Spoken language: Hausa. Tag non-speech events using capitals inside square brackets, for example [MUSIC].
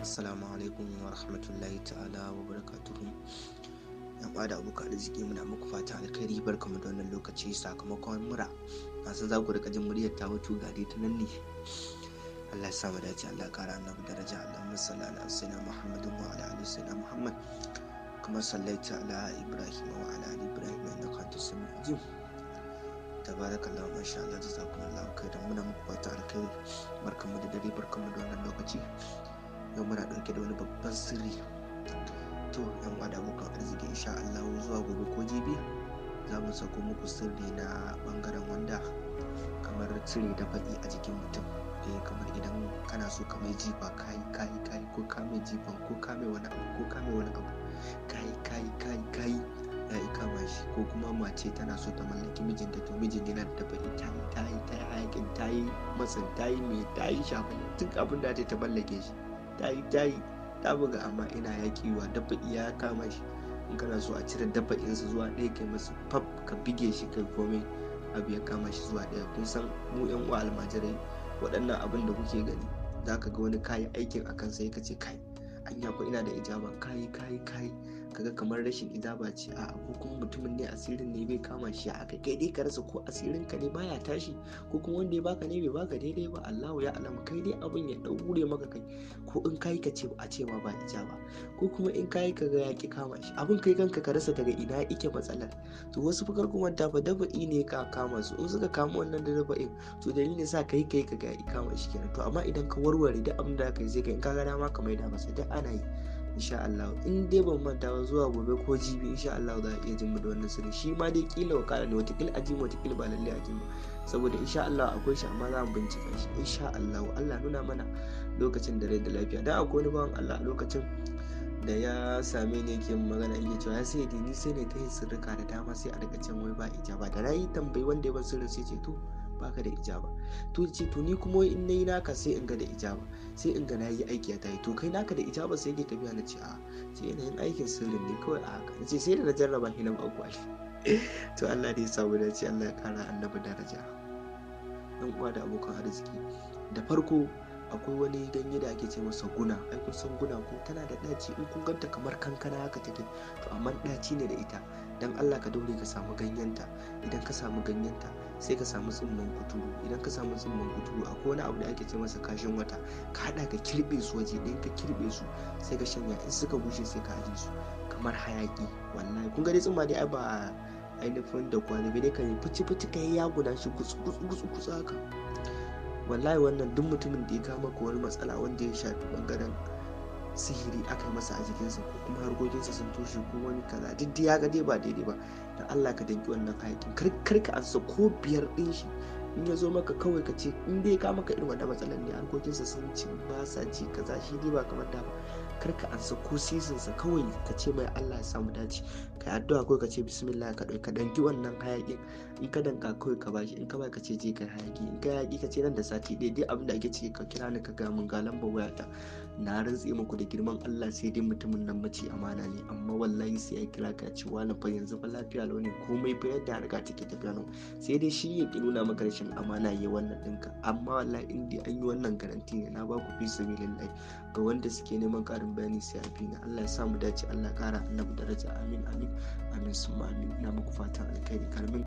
assalamu alaikum wa rahmatullahi ta'ala wa barakatuhu yan da abokan jiki muna muku fata alkhairi barkamu da wannan lokaci sakamakon mura na san za ku rika jin muryar ta wuce gari ta nan ne Allah ya sa mu dace Allah kara annabi daraja Allah musalla ala sayyidina Muhammadin wa ala ali sayyidina Muhammad kuma sallaita ala Ibrahim wa ala ali Ibrahim innaka antas samiu ajib tabarakallahu masha Allah jazakumullahu khairan muna muku fata alkhairi barkamu da dare barkamu da wannan lokaci yau muna ɗauke da wani babban sirri to yan uwa da abokan arziki insha Allah zuwa gobe ko jibi za mu sako muku sirri na bangaren wanda kamar cire da faɗi a jikin mutum eh kamar idan kana so ka mai jifa kai kai kai ko ka mai jifa ko ka mai wani abu ko ka mai wani abu kai kai kai kai ya kama shi ko kuma mace tana so ta mallaki mijinta to mijin yana da baki ta yi ta yi ta yi hayakin ta yi matsin ta yi mai ta yi shafin duk abin da ta mallake shi ta yi ta yi ta buga amma ina yaƙiwa dafa'i ya kama shi in kana so a cire dafa'insa zuwa ɗaya kai musu fab ka bige shi kai komai abu ya kama shi zuwa ɗaya kun san mu yan uwa almajirai waɗannan abin da kuke gani za ka ga wani kayi aikin a kansa ya kace kai anya ko ina da ijaba kayi kayi kayi kaga kamar rashin idaba ce a ko kuma mutumin ne asirin ne bai kama shi a haka kai dai ka rasa ko asirin ka ne baya tashi ko kuma wanda ya baka ne bai baka daidai ba Allahu ya alama kai dai abin ya daure maka kai ko in kai ka ce a ce ma ba ijaba ko kuma in kai ka ga ya ki kama shi abin kai kanka ka rasa daga ina yake matsalar to wasu fakar kuma da ba daba'i ne ka kama su in suka kama wannan da daba'in to dalilin sa kai kai ka ga ya kama shi kenan to amma idan ka warware duk abin da kai zai ka in ka ga dama ka maida masa duk ana yi insha Allah in dai ban manta ba zuwa gobe ko jibi insha Allah za a iya jin mu da wannan sirri shi ma dai kila wa kala ne wata kila a wata kila ba lalle a ba saboda insha Allah akwai shi amma za mu bincika shi insha Allah Allah nuna mana lokacin da rai da lafiya da akwai wani bawan Allah lokacin da ya same ni yake magana yake cewa ya sai ni sai ne ta yi sirrika da dama sai a rika cin wai ba ijaba da na tambayi wanda ya ban sirrin sai ce to baka da ijaba to ce to ni kuma in nayi naka sai in ga da ijaba sai in ga na yi aiki ta yi to kai naka da ijaba sai yake tafiya na ce a ce yana yin aikin sirrin ne kawai a haka ce sai da na jarraba shi na mako [LAUGHS] to Allah ne ya samu ce, Allah ya kara annabi daraja yan uwa da abokan arziki da farko akwai wani ganye da ake ce masa guna ai kun san guna ko tana da ɗaci in kun ganta kamar kankana haka take to amma ɗaci ne da ita dan Allah ka daure ka samu ganyenta idan ka samu ganyenta sai ka samu tsimman kuturu idan ka samu tsimman kuturu akwai wani abu da ake ce masa kashin wata ka haɗa ka kirbe su waje idan ka kirbe su sai ka shanya in suka bushe sai ka aje su kamar hayaki wallahi kun gani dai tsumma dai ai ba ainihin da kwanabi ne kan yi fici fici ka yi yaguda shi gutsu gutsu gutsu haka wallahi wannan duk mutumin da ya kama ko wani matsala wanda ya shafi bangaren sihiri aka yi masa a jikinsa ko kuma harkokinsa sun toshe ko wani kaza duk ya ga dai ba daidai ba da Allah ka danki wannan hayakin kar ka ansa ko biyar din shi in ya zo maka kawai ka ce in dai ka maka irin wanda matsalar ne harkokinsa sun ci ba sa ci kaza shi dai ba kamar da ba kar ka ansa ko sisinsa kawai ka ce mai Allah ya samu dace ka yi addu'a kawai ka ce bismillah ka ɗauki ka danki wannan hayaƙin in ka danka kawai ka bashi in ka ba ka ce je ka hayaƙi in ka hayaƙi ka ce nan da sati ɗaya dai abin da ake ce ka kira ni ka ga mun ga lambar wayata na rantse muku da girman Allah sai dai mutumin nan mace amana ne amma wallahi sai ya kira ka ce wani fa yanzu fa lafiya lau ne komai fa yadda harka take ta nan sai dai shi ya ki nuna maka cin amana ya wannan ɗinka amma wallahi in dai an yi wannan garanti ne na baku fi lillahi ga wanda suke neman karin bayani sai a na Allah ya sa mu dace Allah kara annabi daraja amin amin amin summa amin ina muku fatan alkhairi karmin